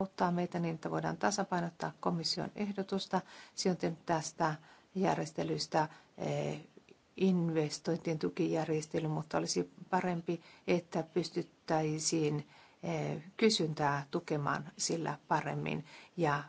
auttaa meitä niin, että voidaan tasapainottaa komission ehdotusta. Se on tehnyt tästä järjestelystä eh, investointien tukijärjestely, mutta olisi parempi, että pystyttäisiin eh, kysyntää tukemaan sillä paremmin ja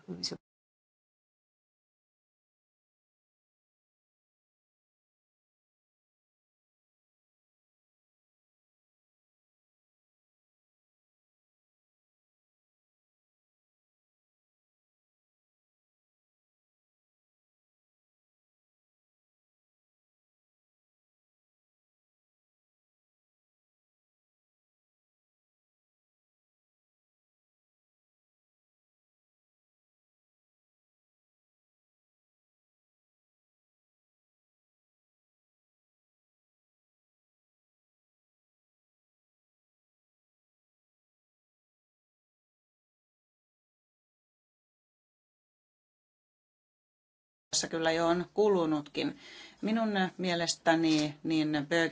tässä kyllä jo on kulunutkin. Minun mielestäni niin Berg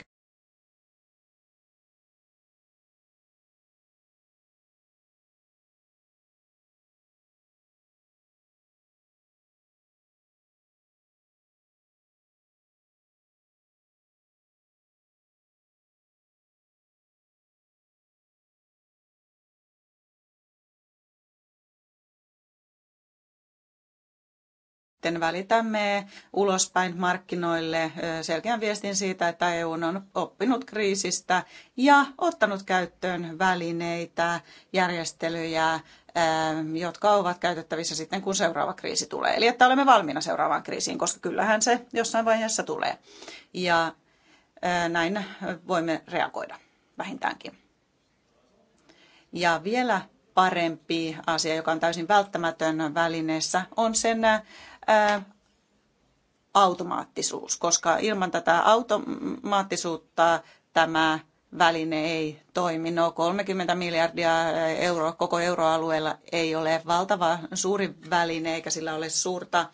sitten välitämme ulospäin markkinoille selkeän viestin siitä, että EU on oppinut kriisistä ja ottanut käyttöön välineitä, järjestelyjä, jotka ovat käytettävissä sitten, kun seuraava kriisi tulee. Eli että olemme valmiina seuraavaan kriisiin, koska kyllähän se jossain vaiheessa tulee. Ja näin voimme reagoida vähintäänkin. Ja vielä parempi asia, joka on täysin välttämätön välineessä, on sen automaattisuus, koska ilman tätä automaattisuutta tämä väline ei toimi. No 30 miljardia euroa koko euroalueella ei ole valtava suuri väline eikä sillä ole suurta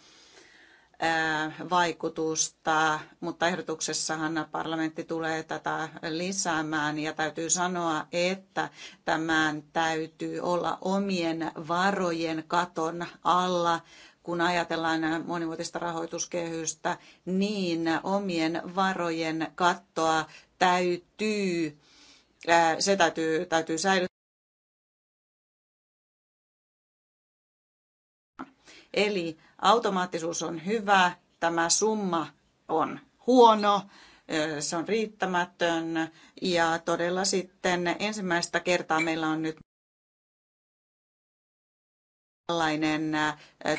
vaikutusta, mutta ehdotuksessahan parlamentti tulee tätä lisäämään ja täytyy sanoa, että tämän täytyy olla omien varojen katon alla kun ajatellaan monivuotista rahoituskehystä, niin omien varojen kattoa täytyy, se täytyy, täytyy säilyttää. Eli automaattisuus on hyvä, tämä summa on huono, se on riittämätön ja todella sitten ensimmäistä kertaa meillä on nyt tällainen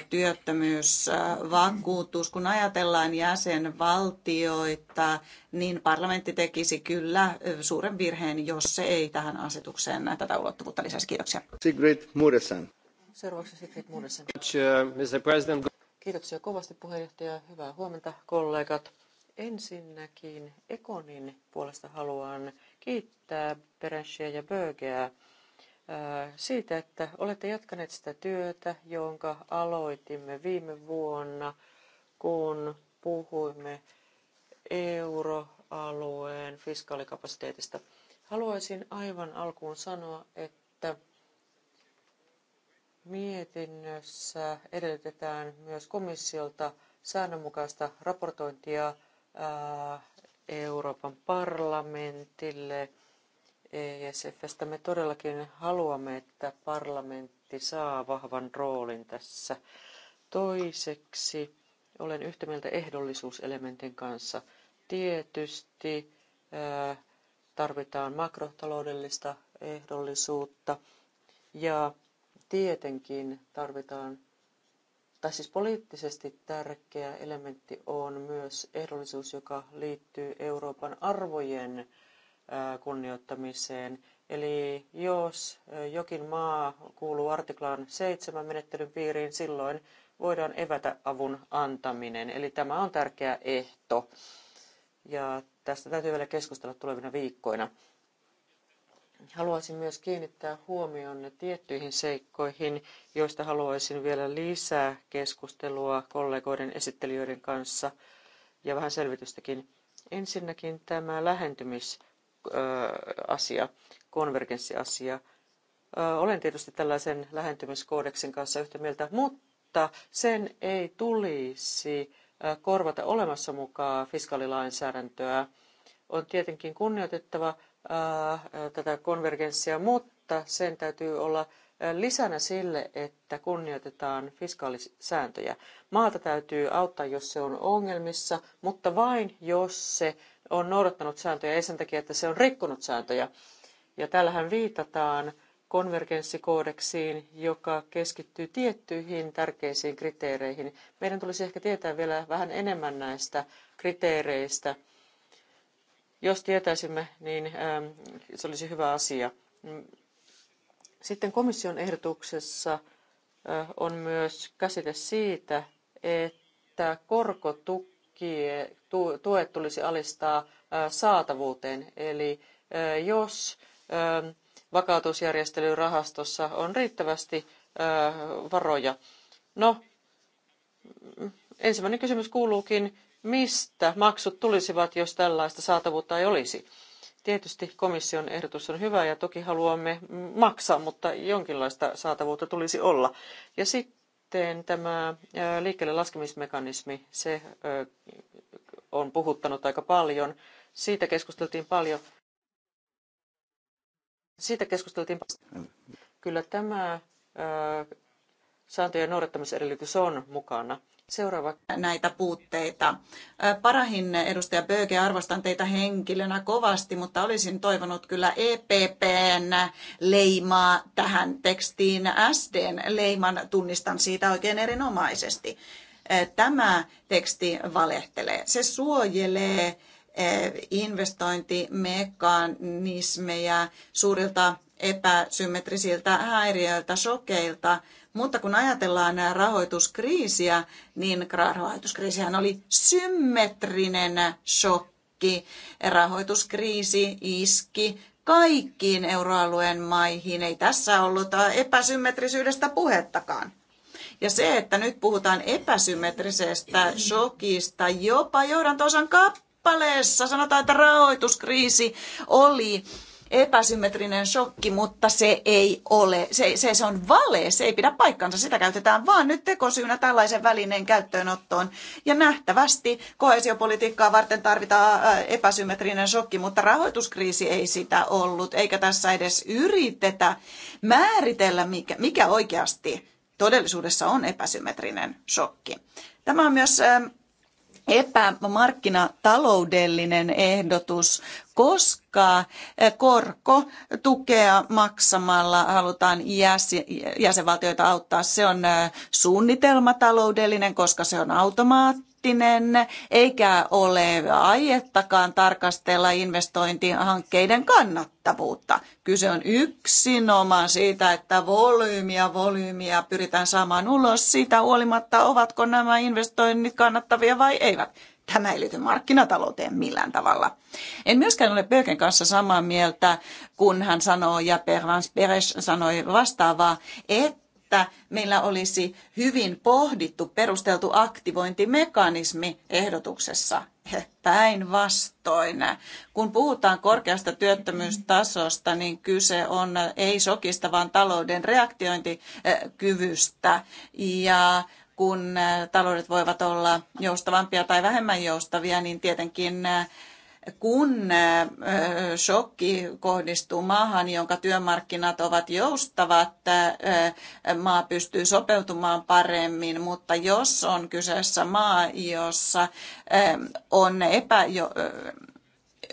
työttömyysvakuutus, kun ajatellaan jäsenvaltioita, niin parlamentti tekisi kyllä suuren virheen, jos se ei tähän asetukseen tätä ulottuvuutta lisäisi. Kiitoksia. Sigrid Muresan. Seuraavaksi Sigrid Muresan. Mr. President. Kiitoksia kovasti puheenjohtaja. Hyvää huomenta kollegat. Ensinnäkin Ekonin puolesta haluan kiittää Perenssiä ja Bögeä siitä, että olette jatkaneet sitä työtä, jonka aloitimme viime vuonna, kun puhuimme euroalueen fiskaalikapasiteetista. Haluaisin aivan alkuun sanoa, että mietinnössä edellytetään myös komissiolta säännönmukaista raportointia Euroopan parlamentille – ESFstä. Me todellakin haluamme, että parlamentti saa vahvan roolin tässä. Toiseksi olen yhtä mieltä ehdollisuuselementin kanssa. Tietysti tarvitaan makrotaloudellista ehdollisuutta ja tietenkin tarvitaan, tai siis poliittisesti tärkeä elementti on myös ehdollisuus, joka liittyy Euroopan arvojen kunnioittamiseen. Eli jos jokin maa kuuluu artiklaan 7 menettelyn piiriin, silloin voidaan evätä avun antaminen. Eli tämä on tärkeä ehto. Ja tästä täytyy vielä keskustella tulevina viikkoina. Haluaisin myös kiinnittää huomionne tiettyihin seikkoihin, joista haluaisin vielä lisää keskustelua kollegoiden esittelijöiden kanssa ja vähän selvitystäkin. Ensinnäkin tämä lähentymis asia, konvergenssiasia. Olen tietysti tällaisen lähentymiskoodeksin kanssa yhtä mieltä, mutta sen ei tulisi korvata olemassa mukaan fiskaalilainsäädäntöä. On tietenkin kunnioitettava tätä konvergenssia, mutta sen täytyy olla lisänä sille, että kunnioitetaan fiskaalisääntöjä. Maata täytyy auttaa, jos se on ongelmissa, mutta vain jos se on noudattanut sääntöjä, ei sen takia, että se on rikkonut sääntöjä. Ja tällähän viitataan konvergenssikoodeksiin, joka keskittyy tiettyihin tärkeisiin kriteereihin. Meidän tulisi ehkä tietää vielä vähän enemmän näistä kriteereistä. Jos tietäisimme, niin se olisi hyvä asia. Sitten komission ehdotuksessa on myös käsite siitä, että korkotuet tulisi alistaa saatavuuteen. Eli jos vakautusjärjestelyrahastossa on riittävästi varoja. No, ensimmäinen kysymys kuuluukin, mistä maksut tulisivat, jos tällaista saatavuutta ei olisi? Tietysti komission ehdotus on hyvä ja toki haluamme maksaa, mutta jonkinlaista saatavuutta tulisi olla. Ja sitten tämä liikkeelle laskemismekanismi, se on puhuttanut aika paljon. Siitä keskusteltiin paljon. Siitä keskusteltiin paljon. Kyllä tämä sääntöjen noudattamisedellytys on mukana. Seuraava. Näitä puutteita. Parahin edustaja Böge, arvostan teitä henkilönä kovasti, mutta olisin toivonut kyllä EPPn leimaa tähän tekstiin. SDn leiman tunnistan siitä oikein erinomaisesti. Tämä teksti valehtelee. Se suojelee investointimekanismeja suurilta epäsymmetrisiltä häiriöiltä, shokeilta, mutta kun ajatellaan rahoituskriisiä, niin rahoituskriisihän oli symmetrinen shokki. Rahoituskriisi iski kaikkiin euroalueen maihin. Ei tässä ollut äh, epäsymmetrisyydestä puhettakaan. Ja se, että nyt puhutaan epäsymmetrisestä shokista jopa johdantosan kappaleessa, sanotaan, että rahoituskriisi oli epäsymmetrinen shokki, mutta se ei ole, se, se, se on vale, se ei pidä paikkansa, sitä käytetään vaan nyt tekosyynä tällaisen välineen käyttöönottoon. Ja nähtävästi kohesiopolitiikkaa varten tarvitaan äh, epäsymmetrinen shokki, mutta rahoituskriisi ei sitä ollut, eikä tässä edes yritetä määritellä, mikä, mikä oikeasti todellisuudessa on epäsymmetrinen shokki. Tämä on myös ähm, epämarkkinataloudellinen ehdotus, koska eh, korkotukea maksamalla halutaan jäsenvaltioita auttaa. Se on eh, suunnitelmataloudellinen, koska se on automaatti kriittinen eikä ole aiettakaan tarkastella investointihankkeiden kannattavuutta. Kyse on yksinomaan siitä, että volyymiä, volyymiä pyritään saamaan ulos siitä huolimatta, ovatko nämä investoinnit kannattavia vai eivät. Tämä ei liity markkinatalouteen millään tavalla. En myöskään ole Böken kanssa samaa mieltä, kun hän sanoo, ja Peres sanoi vastaavaa, että että meillä olisi hyvin pohdittu, perusteltu aktivointimekanismi ehdotuksessa. Päinvastoin. Kun puhutaan korkeasta työttömyystasosta, niin kyse on ei sokista, vaan talouden reaktiointikyvystä. Ja kun taloudet voivat olla joustavampia tai vähemmän joustavia, niin tietenkin kun shokki kohdistuu maahan, jonka työmarkkinat ovat joustavat, maa pystyy sopeutumaan paremmin, mutta jos on kyseessä maa, jossa on epä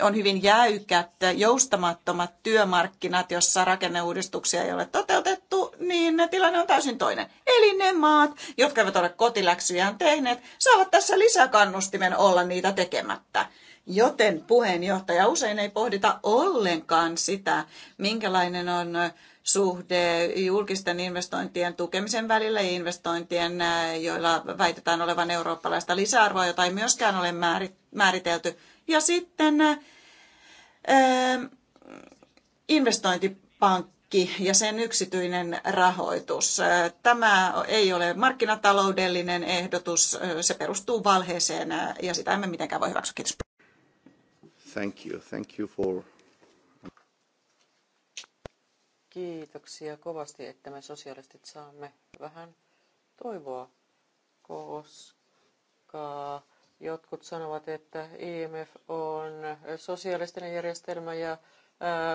on hyvin jäykät, joustamattomat työmarkkinat, jossa rakenneuudistuksia ei ole toteutettu, niin tilanne on täysin toinen. Eli ne maat, jotka eivät ole kotiläksyjään tehneet, saavat tässä lisäkannustimen olla niitä tekemättä. Joten puheenjohtaja, usein ei pohdita ollenkaan sitä, minkälainen on suhde julkisten investointien tukemisen välillä ja investointien, joilla väitetään olevan eurooppalaista lisäarvoa, jota ei myöskään ole määritelty. Ja sitten investointipankki ja sen yksityinen rahoitus. Tämä ei ole markkinataloudellinen ehdotus, se perustuu valheeseen ja sitä emme mitenkään voi hyväksyä. Kiitos. Thank you. Thank you for... Kiitoksia kovasti, että me sosialistit saamme vähän toivoa, koska jotkut sanovat, että IMF e on sosialistinen järjestelmä ja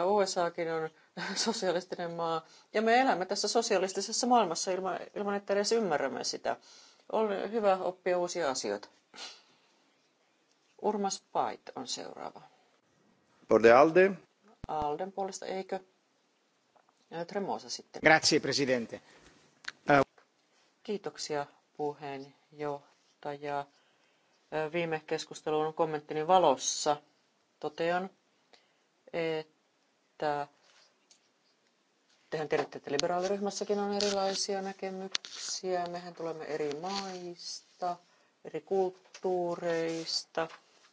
USAkin on sosialistinen maa. Ja me elämme tässä sosialistisessa maailmassa ilman, ilman että edes ymmärrämme sitä. On hyvä oppia uusia asioita. Urmas Pait on seuraava. Por de Alde. Alden puolesta, eikö? Tremosa sitten. Grazie, presidente. Uh... Kiitoksia puheenjohtaja. Viime keskustelun kommenttini valossa totean, että tehän tiedätte, että liberaaliryhmässäkin on erilaisia näkemyksiä. Mehän tulemme eri maista, eri kulttuureista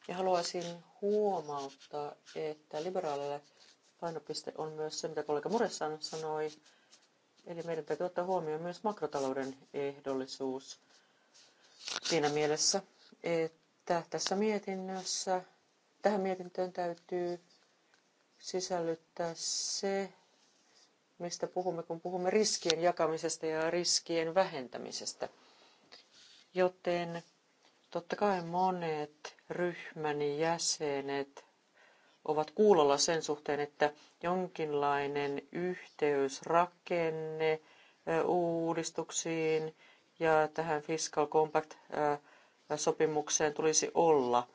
ja haluaisin huomauttaa, että liberaalille painopiste on myös se, mitä kollega Muressan sanoi. Eli meidän täytyy ottaa huomioon myös makrotalouden ehdollisuus siinä mielessä, että tässä mietinnössä, tähän mietintöön täytyy sisällyttää se, mistä puhumme, kun puhumme riskien jakamisesta ja riskien vähentämisestä. Joten Totta kai monet ryhmäni jäsenet ovat kuulolla sen suhteen, että jonkinlainen yhteysrakenne uudistuksiin ja tähän Fiscal Compact-sopimukseen tulisi olla.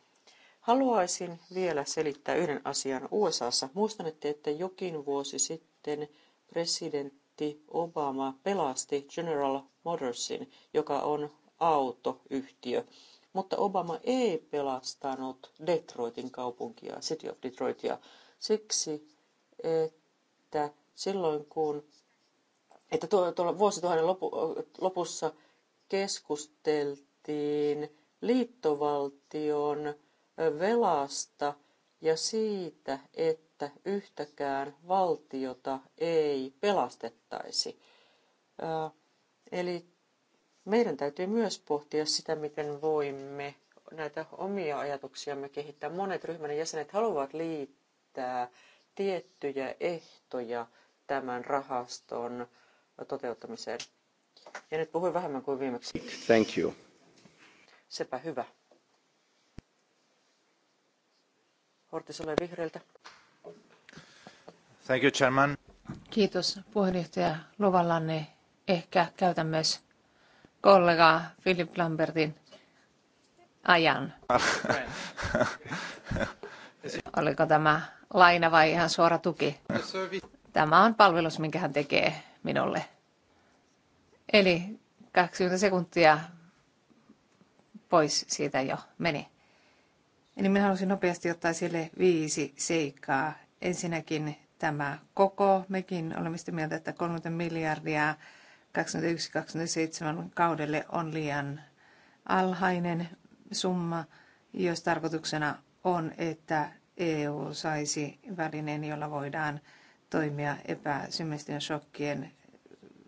Haluaisin vielä selittää yhden asian USAssa. Muistanette, että jokin vuosi sitten presidentti Obama pelasti General Motorsin, joka on autoyhtiö mutta Obama ei pelastanut Detroitin kaupunkia, City of Detroitia, siksi, että silloin kun, että tuolla tuo vuosituhannen lopu, lopussa keskusteltiin liittovaltion velasta ja siitä, että yhtäkään valtiota ei pelastettaisi. Eli meidän täytyy myös pohtia sitä, miten voimme näitä omia ajatuksiamme kehittää. Monet ryhmän jäsenet haluavat liittää tiettyjä ehtoja tämän rahaston toteuttamiseen. Ja nyt puhuin vähemmän kuin viimeksi. Thank you. Sepä hyvä. Hortisolle vihreiltä. Thank you, Chairman. Kiitos puheenjohtaja luvallanne. Ehkä käytän myös kollega Philip Lambertin ajan. Oliko tämä laina vai ihan suora tuki? Tämä on palvelus, minkä hän tekee minulle. Eli 20 sekuntia pois siitä jo meni. Eli minä halusin nopeasti ottaa sille viisi seikkaa. Ensinnäkin tämä koko. Mekin olemme sitä mieltä, että 30 miljardia 2021-2027 kaudelle on liian alhainen summa, jos tarkoituksena on, että EU saisi välineen, jolla voidaan toimia epäsymmäisten shokkien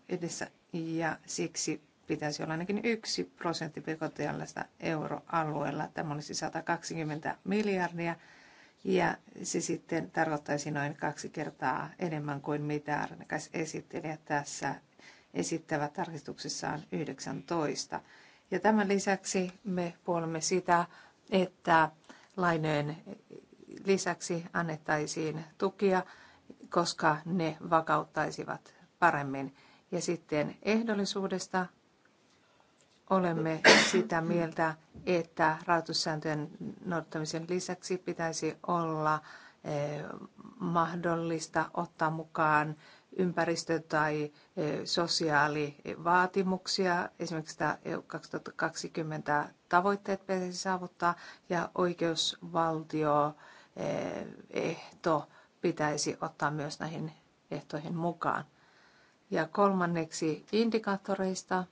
edessä ja siksi pitäisi olla ainakin yksi prosentti BKTLstä euroalueella. Tämä olisi 120 miljardia ja se sitten tarkoittaisi noin kaksi kertaa enemmän kuin mitä esittelijä tässä esittävät tarkistuksissaan 19. Ja tämän lisäksi me puolemme sitä, että lainojen lisäksi annettaisiin tukia, koska ne vakauttaisivat paremmin. Ja sitten ehdollisuudesta olemme sitä mieltä, että rahoitussääntöjen noudattamisen lisäksi pitäisi olla eh, mahdollista ottaa mukaan ympäristö- tai e, sosiaalivaatimuksia. Esimerkiksi tämä EU 2020 tavoitteet pitäisi saavuttaa ja oikeusvaltio e, ehto pitäisi ottaa myös näihin ehtoihin mukaan. Ja kolmanneksi indikaattoreista.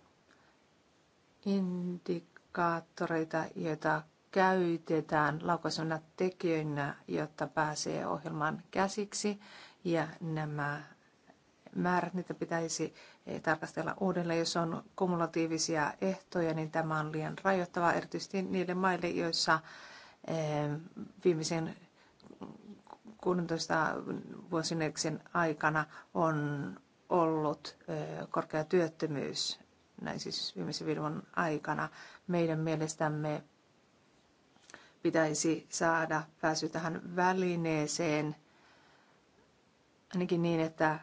Indikaattoreita, joita käytetään laukaisuna tekijöinä, jotta pääsee ohjelman käsiksi. Ja nämä määrät, niitä pitäisi eh, tarkastella uudelleen. Jos on kumulatiivisia ehtoja, niin tämä on liian rajoittava, erityisesti niille maille, joissa eh, viimeisen 16 vuosineksen aikana on ollut eh, korkea työttömyys, näin siis viimeisen viiden aikana. Meidän mielestämme pitäisi saada pääsy tähän välineeseen, ainakin niin, että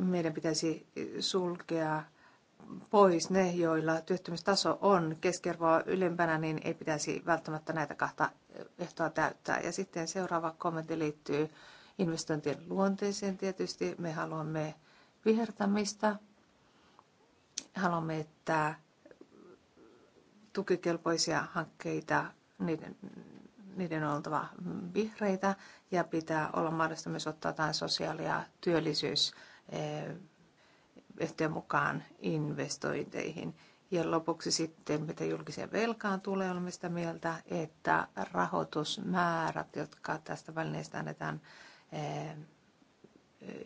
meidän pitäisi sulkea pois ne, joilla työttömyystaso on keskiarvoa ylempänä, niin ei pitäisi välttämättä näitä kahta ehtoa täyttää. Ja sitten seuraava kommentti liittyy investointien luonteeseen tietysti. Me haluamme vihertämistä. Haluamme, että tukikelpoisia hankkeita, niiden, niiden on oltava vihreitä ja pitää olla mahdollista myös ottaa jotain sosiaali- ja työllisyys- Eh, yhtiön mukaan investointeihin. Ja lopuksi sitten, mitä julkiseen velkaan tulee, olemme sitä mieltä, että rahoitusmäärät, jotka tästä välineestä annetaan eh,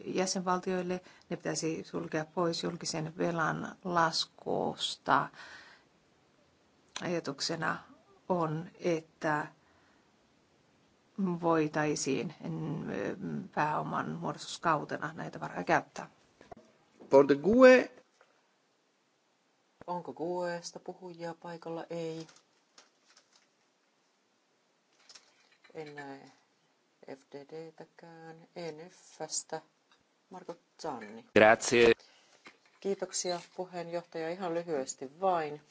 jäsenvaltioille, ne pitäisi sulkea pois julkisen velan laskusta. Ajatuksena on, että voitaisiin mm, pääoman muodostuskautena näitä varoja käyttää. For the GUE. Onko GUEsta puhujia paikalla? Ei. En näe FDDtäkään, YFFästä. Marko Zanni. Grazie. Kiitoksia puheenjohtaja. Ihan lyhyesti vain.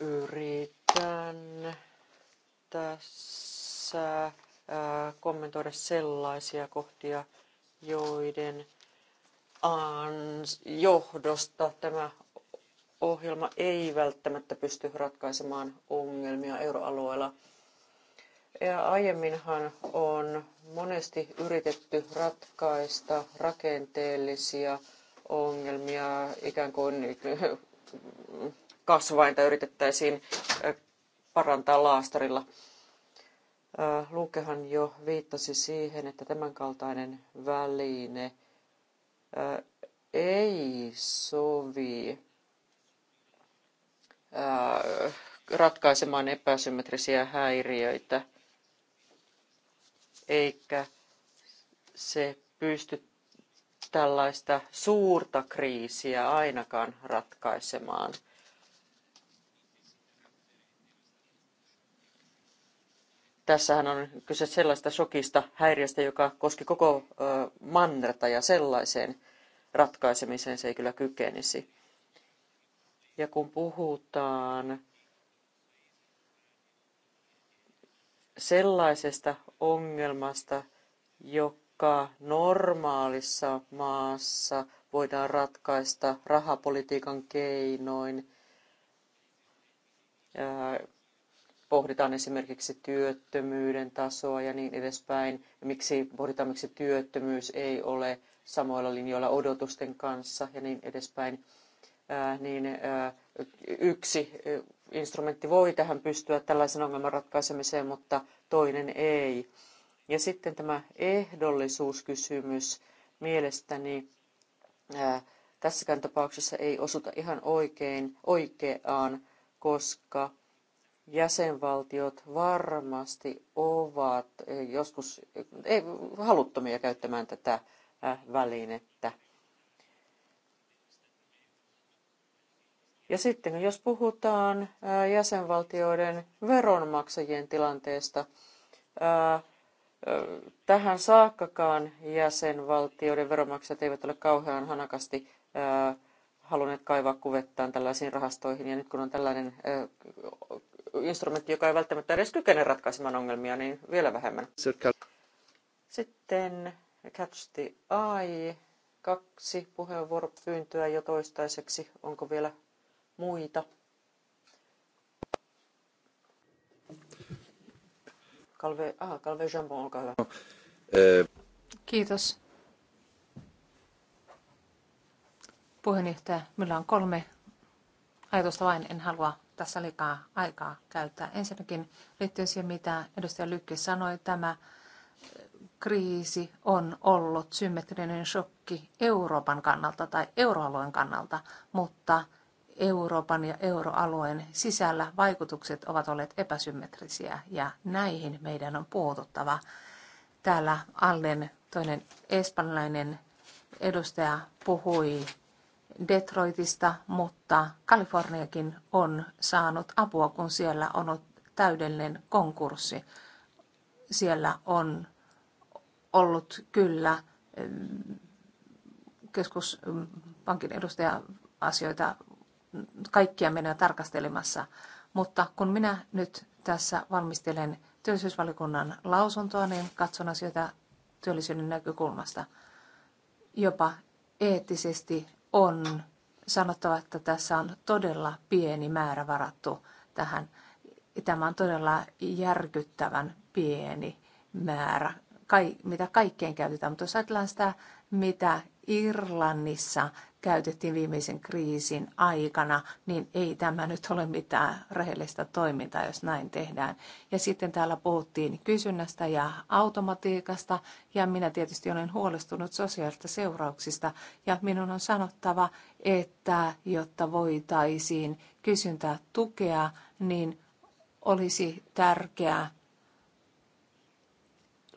Yritän tässä kommentoida sellaisia kohtia, joiden johdosta tämä ohjelma ei välttämättä pysty ratkaisemaan ongelmia euroalueella. Ja aiemminhan on monesti yritetty ratkaista rakenteellisia ongelmia ikään kuin kasvainta yritettäisiin parantaa laastarilla. Lukehan jo viittasi siihen, että tämänkaltainen väline ei sovi ratkaisemaan epäsymmetrisiä häiriöitä, eikä se pysty tällaista suurta kriisiä ainakaan ratkaisemaan – Tässähän on kyse sellaista shokista, häiriöstä, joka koski koko mannerta ja sellaiseen ratkaisemiseen se ei kyllä kykenisi. Ja kun puhutaan sellaisesta ongelmasta, joka normaalissa maassa voidaan ratkaista rahapolitiikan keinoin, pohditaan esimerkiksi työttömyyden tasoa ja niin edespäin, ja miksi pohditaan, miksi työttömyys ei ole samoilla linjoilla odotusten kanssa ja niin edespäin, äh, niin äh, yksi äh, instrumentti voi tähän pystyä tällaisen ongelman ratkaisemiseen, mutta toinen ei. Ja sitten tämä ehdollisuuskysymys mielestäni tässäkään tapauksessa ei osuta ihan oikein, oikeaan, koska jäsenvaltiot varmasti ovat eh, joskus eh, ei, haluttomia käyttämään tätä eh, välinettä. Ja sitten jos puhutaan jäsenvaltioiden veronmaksajien tilanteesta, tähän saakkakaan jäsenvaltioiden veronmaksajat eivät ole kauhean hanakasti halunneet kaivaa kuvettaan tällaisiin rahastoihin. Ja nyt kun on tällainen instrumentti, joka ei välttämättä edes kykene ratkaisemaan ongelmia, niin vielä vähemmän. Sitten Catch the Eye. Kaksi puheenvuoropyyntöä jo toistaiseksi. Onko vielä muita? Kalve ah, kalve Jambon, olkaa hyvä. Kiitos. Puheenjohtaja, meillä on kolme ajatusta vain. En halua tässä liikaa aikaa käyttää. Ensinnäkin liittyen siihen, mitä edustaja Lykki sanoi, tämä kriisi on ollut symmetrinen shokki Euroopan kannalta tai euroalueen kannalta, mutta Euroopan ja euroalueen sisällä vaikutukset ovat olleet epäsymmetrisiä ja näihin meidän on puututtava. Täällä Allen, toinen espanjalainen edustaja, puhui Detroitista, mutta Kaliforniakin on saanut apua, kun siellä on ollut täydellinen konkurssi. Siellä on ollut kyllä keskuspankin edustaja asioita kaikkia menee tarkastelemassa. Mutta kun minä nyt tässä valmistelen työllisyysvalikunnan lausuntoa, niin katson asioita työllisyyden näkökulmasta. Jopa eettisesti on sanottava, että tässä on todella pieni määrä varattu tähän. Tämä on todella järkyttävän pieni määrä, mitä kaikkeen käytetään. Mutta jos ajatellaan sitä mitä Irlannissa käytettiin viimeisen kriisin aikana, niin ei tämä nyt ole mitään rehellistä toimintaa, jos näin tehdään. Ja sitten täällä puhuttiin kysynnästä ja automatiikasta, ja minä tietysti olen huolestunut sosiaalista seurauksista, ja minun on sanottava, että jotta voitaisiin kysyntää tukea, niin olisi tärkeää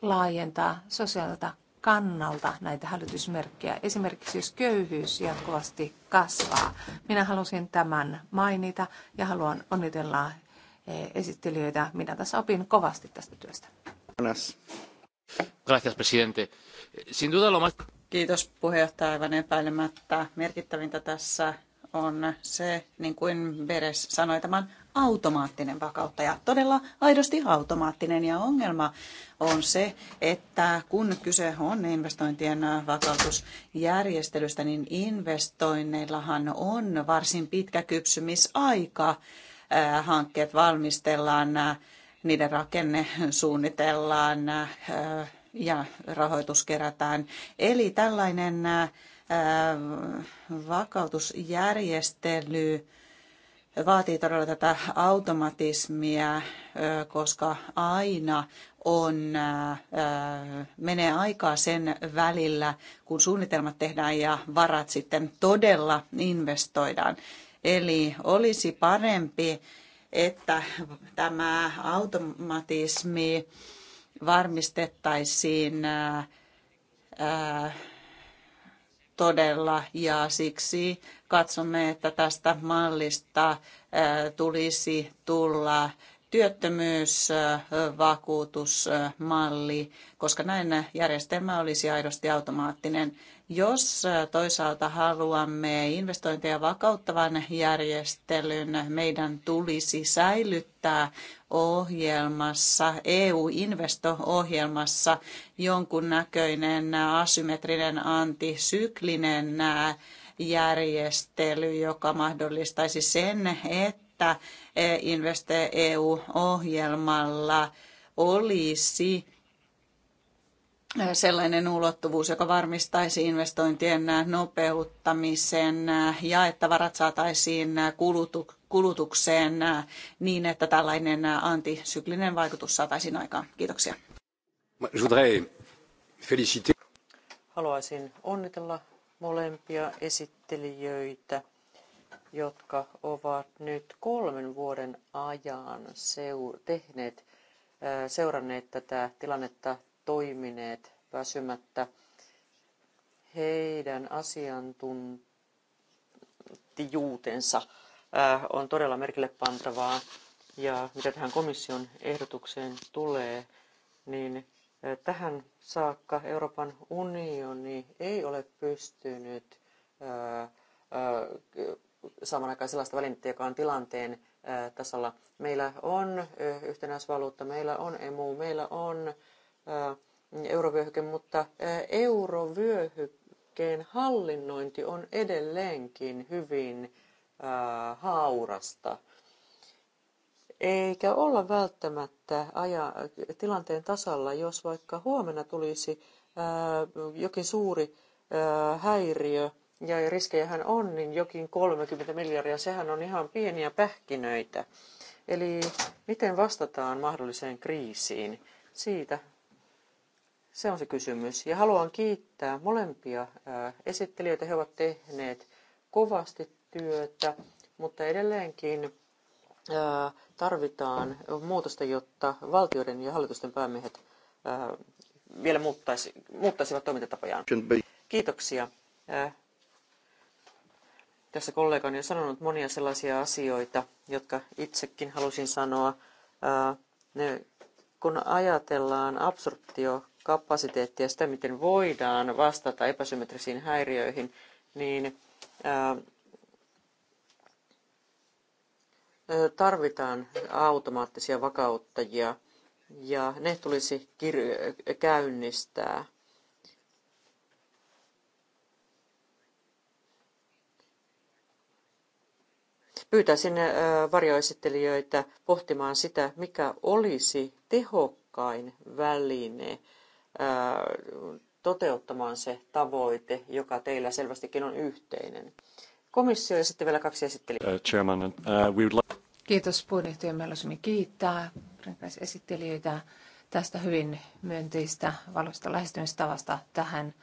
laajentaa sosiaalista kannalta näitä hälytysmerkkejä. Esimerkiksi jos köyhyys jatkuvasti kasvaa. Minä halusin tämän mainita ja haluan onnitella eh, esittelijöitä. Minä tässä opin kovasti tästä työstä. Gracias, presidente. Sin duda lo más... Kiitos puheenjohtaja aivan epäilemättä. Merkittävintä tässä on se, niin kuin Beres sanoi, tämän automaattinen vakauttaja, todella aidosti automaattinen. Ja ongelma on se, että kun kyse on investointien vakautusjärjestelystä, niin investoinneillahan on varsin pitkä kypsymisaika. Äh, hankkeet valmistellaan, äh, niiden rakenne suunnitellaan äh, ja rahoitus kerätään. Eli tällainen Ähm, vakautusjärjestely vaatii todella tätä automatismia, koska aina on, menee aikaa sen välillä, kun suunnitelmat tehdään ja varat sitten todella investoidaan. Eli olisi parempi, että tämä automatismi varmistettaisiin todella ja siksi katsomme, että tästä mallista tulisi tulla työttömyysvakuutusmalli, koska näin järjestelmä olisi aidosti automaattinen. Jos toisaalta haluamme investointeja vakauttavan järjestelyn, meidän tulisi säilyttää ohjelmassa, EU-investo-ohjelmassa jonkunnäköinen asymmetrinen antisyklinen järjestely, joka mahdollistaisi sen, että että eh, Invest EU-ohjelmalla olisi eh, sellainen ulottuvuus, joka varmistaisi investointien eh, nopeuttamisen ja että varat saataisiin kulutukseen niin, että tällainen antisyklinen vaikutus saataisiin aikaan. Kiitoksia. Haluaisin onnitella molempia esittelijöitä jotka ovat nyt kolmen vuoden ajan seur- tehneet, seuranneet tätä tilannetta, toimineet väsymättä. Heidän asiantuntijuutensa on todella merkille pantavaa. Ja mitä tähän komission ehdotukseen tulee, niin tähän saakka Euroopan unioni ei ole pystynyt saman aikaan sellaista välinettä, joka on tilanteen tasolla. Meillä on yhtenäisvaluutta, meillä on emu, meillä on eurovyöhyke, mutta eurovyöhykkeen hallinnointi on edelleenkin hyvin haurasta. Eikä olla välttämättä aja, tilanteen tasalla, jos vaikka huomenna tulisi jokin suuri häiriö, ja riskejähän on, niin jokin 30 miljardia, sehän on ihan pieniä pähkinöitä. Eli miten vastataan mahdolliseen kriisiin? Siitä se on se kysymys. Ja haluan kiittää molempia esittelijöitä. He ovat tehneet kovasti työtä, mutta edelleenkin tarvitaan muutosta, jotta valtioiden ja hallitusten päämiehet vielä muuttaisi, muuttaisivat toimintatapojaan. Kiitoksia. Tässä kollega on jo sanonut monia sellaisia asioita, jotka itsekin halusin sanoa. Ne, kun ajatellaan absorptiokapasiteettia, sitä miten voidaan vastata epäsymmetrisiin häiriöihin, niin tarvitaan automaattisia vakauttajia ja ne tulisi käynnistää – Pyytäisin varjoesittelijöitä pohtimaan sitä, mikä olisi tehokkain väline toteuttamaan se tavoite, joka teillä selvästikin on yhteinen. Komissio ja sitten vielä kaksi esittelijää. Uh, chairman, uh, we would like... Kiitos puheenjohtaja. Meillä kiittää esittelijöitä tästä hyvin myönteistä valoista lähestymistavasta tähän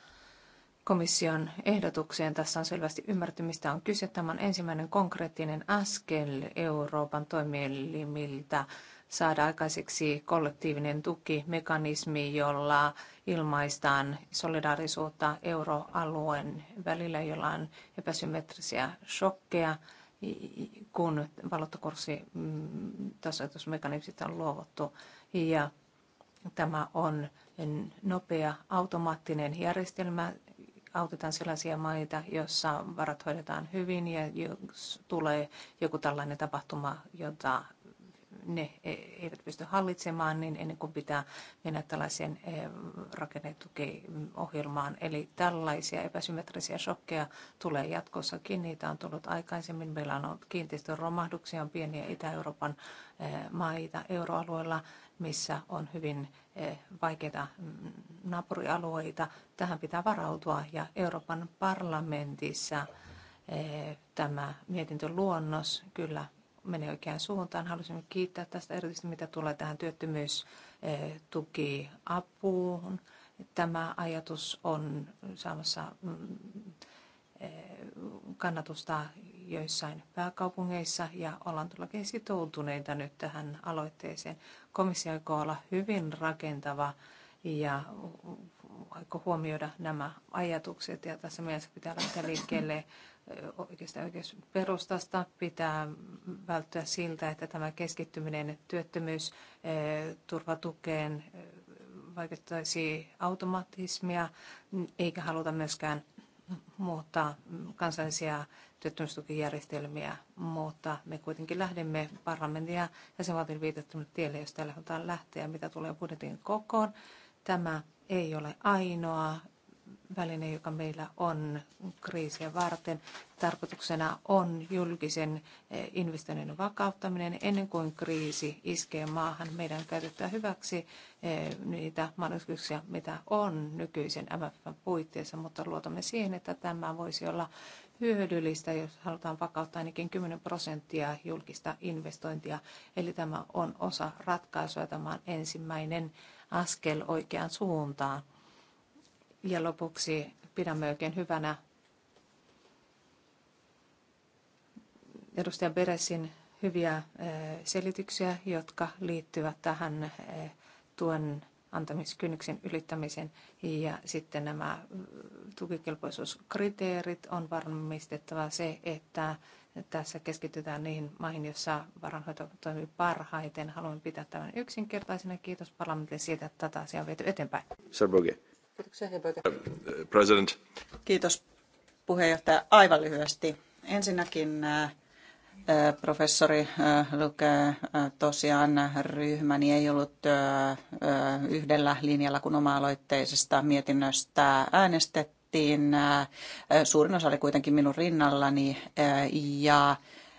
komission ehdotukseen. Tässä on selvästi ymmärretty, mistä on kyse. Tämä on ensimmäinen konkreettinen askel Euroopan toimielimiltä saada aikaiseksi kollektiivinen tukimekanismi, jolla ilmaistaan solidaarisuutta euroalueen välillä, jolla on epäsymmetrisiä shokkeja, kun valuuttakurssitasoitusmekanismit mm, on luovuttu. Ja tämä on nopea automaattinen järjestelmä autetaan sellaisia maita, joissa varat hoidetaan hyvin ja jos tulee joku tällainen tapahtuma, jota ne e, eivät pysty hallitsemaan, niin ennen kuin pitää mennä tällaiseen e, rakennetukiohjelmaan. Eli tällaisia epäsymmetrisiä shokkeja tulee jatkossakin. Niitä on tullut aikaisemmin. Meillä on ollut kiinteistön romahduksia, on pieniä Itä-Euroopan e, maita euroalueella, missä on hyvin vaikeita mm, naapurialueita. Tähän pitää varautua ja Euroopan parlamentissa tämä mietintöluonnos kyllä menee oikeaan suuntaan. Haluaisin kiittää tästä erityisesti, mitä tulee tähän työttömyystukiapuun. Tämä ajatus on saamassa mm, eh, kannatusta joissain pääkaupungeissa ja ollaan todellakin sitoutuneita nyt tähän aloitteeseen. Komissio aikoo olla hyvin rakentava ja aikoo huomioida nämä ajatukset ja tässä mielessä pitää lähteä liikkeelle oikeasta oikeusperustasta. Pitää välttyä siltä, että tämä keskittyminen työttömyysturvatukeen vaikuttaisi automatismia, eikä haluta myöskään muuttaa kansallisia työttömyystukijärjestelmiä, mutta me kuitenkin lähdemme parlamentin ja jäsenvaltion viitattomalle tielle, jos täällä halutaan lähteä, mitä tulee budjetin kokoon. Tämä ei ole ainoa väline, joka meillä on kriisiä varten. Tarkoituksena on julkisen eh, investoinnin vakauttaminen ennen kuin kriisi iskee maahan. Meidän on käytettävä hyväksi eh, niitä mahdollisuuksia, mitä on nykyisen MFFn puitteissa, mutta luotamme siihen, että tämä voisi olla hyödyllistä, jos halutaan vakauttaa ainakin 10 prosenttia julkista investointia. Eli tämä on osa ratkaisua, tämä on ensimmäinen askel oikeaan suuntaan. Ja lopuksi pidämme oikein hyvänä edustaja Beresin hyviä eh, selityksiä, jotka liittyvät tähän eh, tuen antamiskynnyksen ylittämisen ja sitten nämä eh, tukikelpoisuuskriteerit on varmistettava se, että tässä keskitytään niihin maihin, joissa varanhoito toimii parhaiten. Haluan pitää tämän yksinkertaisena. Kiitos parlamentille siitä, että tätä asiaa on viety eteenpäin. Kiitoksia, Heböke. Eh, Kiitos puheenjohtaja. Aivan lyhyesti. Ensinnäkin eh, eh, professori Luke, tosiaan ryhmäni ei ollut yhdellä linjalla, kun oma-aloitteisesta mietinnöstä äänestettiin. Suurin osa oli kuitenkin minun rinnallani ja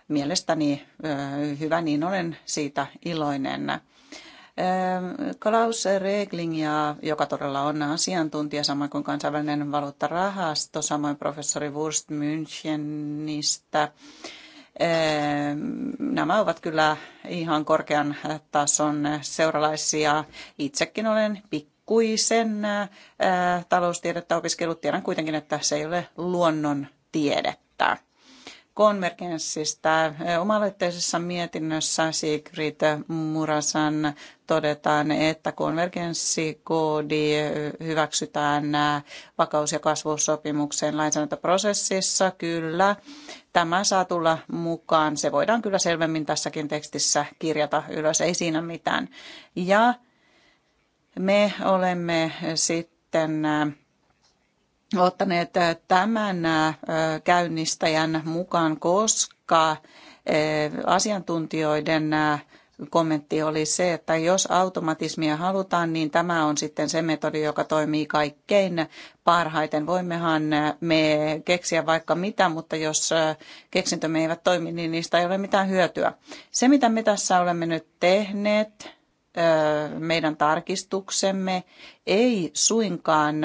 mielestäni hyvä, niin olen siitä iloinen. Ehm, Klaus Regling, joka todella on asiantuntija, samoin kuin kansainvälinen valuuttarahasto, samoin professori Wurst Münchenistä, ehm, Nämä ovat kyllä ihan korkean tason seuralaisia. Itsekin olen pikkuisen ehm, taloustiedettä opiskellut. Tiedän kuitenkin, että se ei ole luonnon tiedettä konvergenssista. Oma-aloitteisessa mietinnössä Sigrid Murasan todetaan, että konvergenssikoodi hyväksytään vakaus- ja kasvusopimuksen lainsäädäntöprosessissa. Kyllä, tämä saa tulla mukaan. Se voidaan kyllä selvemmin tässäkin tekstissä kirjata ylös, ei siinä mitään. Ja me olemme sitten ottaneet äh, tämän äh, käynnistäjän mukaan, koska äh, asiantuntijoiden kommentti oli se, että jos automatismia halutaan, niin tämä on sitten se metodi, joka toimii kaikkein parhaiten. Voimmehan me keksiä vaikka mitä, mutta jos keksintömme eivät toimi, niin niistä ei ole mitään hyötyä. Se, mitä me tässä olemme nyt tehneet, meidän tarkistuksemme ei suinkaan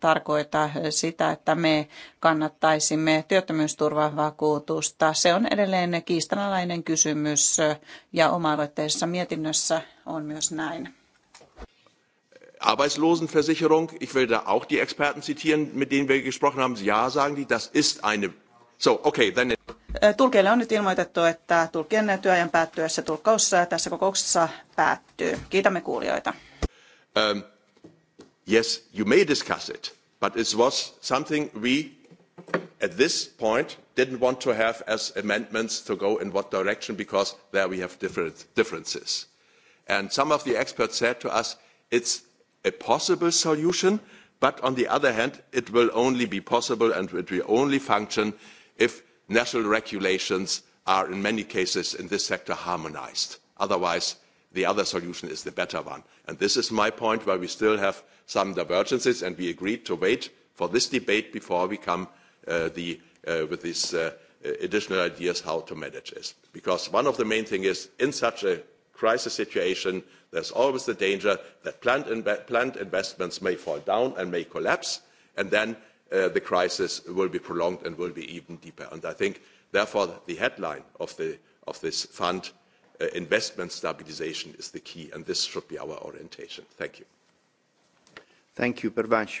tarkoita sitä, että me kannattaisimme työttömyysturvavakuutusta. Se on edelleen kiistanalainen kysymys ja oma-aloitteisessa mietinnössä on myös näin. Arbeitslosenversicherung, ich will da auch die Experten zitieren, mit denen wir gesprochen haben. Ja, sagen die, das ist eine So, okay, then it... Tulkeille on nyt ilmoitettu, että tulkien työajan päättyessä tulkkaus tässä kokouksessa päättyy. Kiitämme kuulijoita. Um, yes, you may discuss it, but it was something we at this point didn't want to have as amendments to go in what direction because there we have different differences. And some of the experts said to us, it's a possible solution, but on the other hand, it will only be possible and it will only function if national regulations are in many cases in this sector harmonised. Otherwise, the other solution is the better one. And this is my point where we still have some divergences and we agreed to wait for this debate before we come uh, the, uh, with these uh, additional ideas how to manage this. Because one of the main things is in such a crisis situation, there's always the danger that planned, inve- planned investments may fall down and may collapse. And then Uh, the crisis will be prolonged and will be even deeper. And I think, therefore, the headline of, this fund, uh, investment stabilization, is the key, and this should be our orientation. Thank you. Thank you, Pervanche.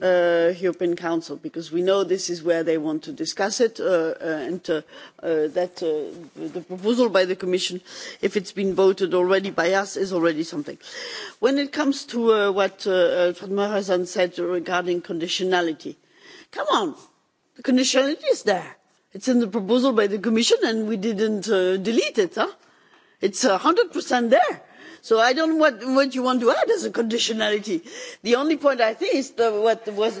uh, European Council, because we know this is where they want to discuss it, uh, uh and uh, uh that uh, the proposal by the Commission, if it's been voted already by us, is already something. When it comes to what Alfred Morazan said regarding conditionality, come on, the conditionality is there. It's in the proposal by the Commission, and we didn't delete it. Huh? It's 100% there so i don't know what, you want to add as a conditionality. the only point i think is that what was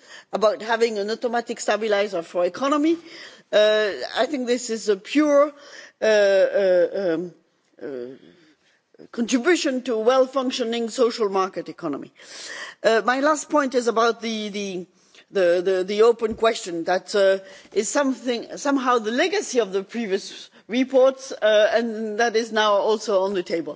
about having an automatic stabiliser for economy uh, i think this is a pure uh, uh, um, contribution to a well functioning social market economy. my last point is about the, the The, open question that is something somehow the legacy of the previous reports and that is now also on the table